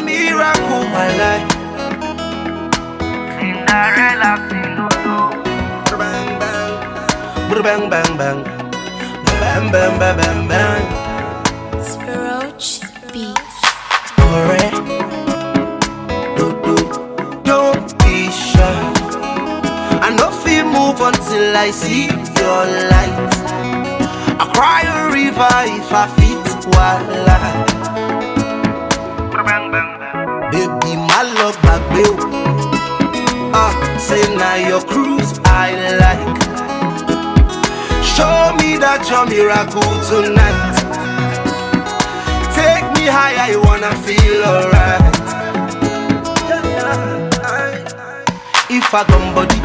miracle, my life. Cinderella, Bang bang, bang bang bang, bang bang bang bang bang. Spiroch beats. not be shy. I feel move until I see your light. I cry a river if I fit while blue. Ah, uh, say now your cruise I like. Show me that your miracle tonight. Take me high, I wanna feel alright. If I come body,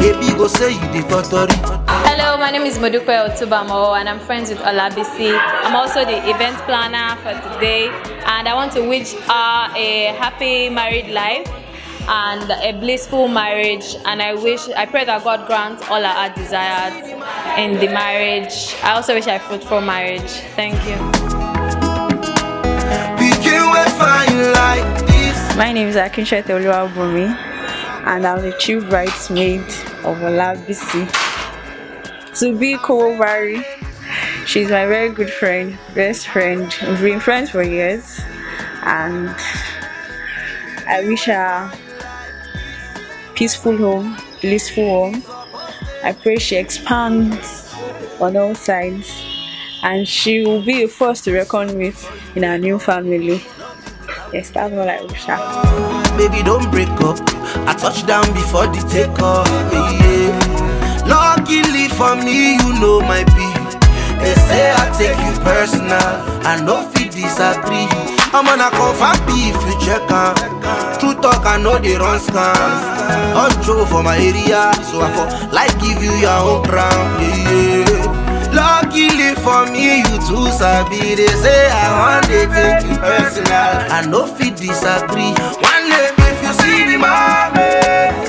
baby go say you the tottery. Hello, my name is Modupe Otubamo and I'm friends with Olabisi. I'm also the event planner for today and I want to wish her a happy married life and a blissful marriage and I wish I pray that God grants all our desires in the marriage. I also wish I fruitful marriage. Thank you. My name is Akinsha Teoluwabumi and I'm the chief bridesmaid of Olabisi. To be Kowobari, she's my very good friend, best friend. We've been friends for years and I wish her peaceful home, blissful home. I pray she expands on all sides and she will be the first to reckon with in our new family. Yes, that's all I wish her. Baby, don't break up. I down before the takeoff. Yeah. Luckily for me, you know my They say I take you personal. I disagree. I'm gonna confirm you check out. true talk i know they run scams don show for my area so i for like give you your own crown yeah, yeah. luckily for me you too sabi They say i wan dey take you personal i know fit disagree one day if you see me, my moment.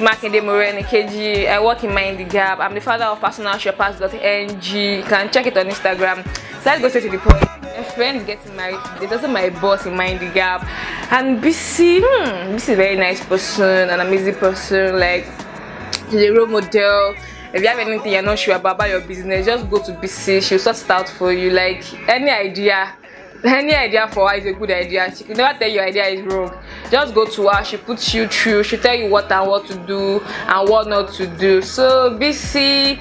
is Makinde Moreni KG. I work in Mind the Gap. I'm the father of Personal personalshoppers.ng. You can check it on Instagram. So let's go straight to the point. My friend is getting married today. That's my boss in Mind the Gap. And BC, hmm, BC is a very nice person, an amazing person. Like, she's a role model. If you have anything you're not sure about, about your business, just go to BC. She'll sort it out for you. Like, any idea any idea for her is a good idea she can never tell you idea is wrong just go to her she puts you through she tell you what and what to do and what not to do so bc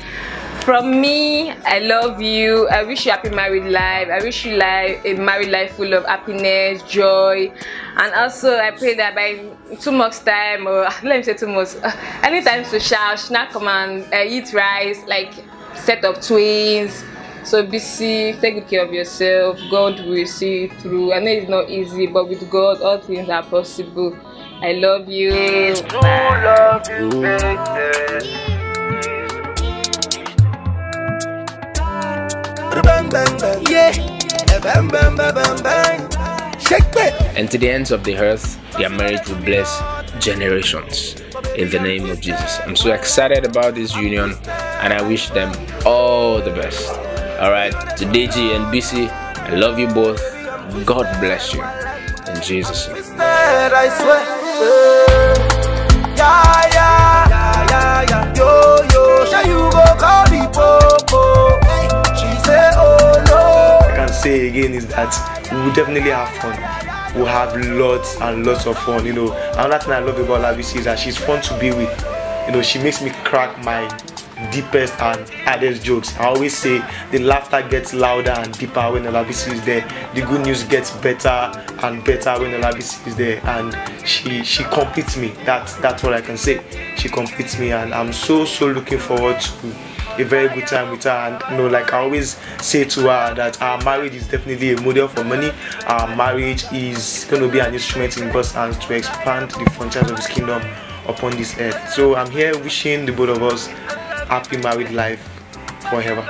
from me i love you i wish you happy married life i wish you life a married life full of happiness joy and also i pray that by too much time or let me say too much anytime to shout she not come and uh, eat rice like set of twins so be safe. take good care of yourself. God will see you through. I know it's not easy, but with God, all things are possible. I love you. No love you, baby. And to the ends of the earth, their marriage will bless generations in the name of Jesus. I'm so excited about this union and I wish them all the best all right to dg and bc i love you both god bless you in jesus oh, I can say again is that we will definitely have fun we have lots and lots of fun. You know, another thing I love about Labisi is that she's fun to be with. You know, she makes me crack my deepest and hardest jokes. I always say the laughter gets louder and deeper when LBC is there. The good news gets better and better when LBC is there. And she she completes me. That's that's what I can say. She completes me and I'm so so looking forward to a very good time with her and you know like i always say to her that our marriage is definitely a model for money our marriage is going to be an instrument in god's hands to expand the frontiers of his kingdom upon this earth so i'm here wishing the both of us happy married life forever.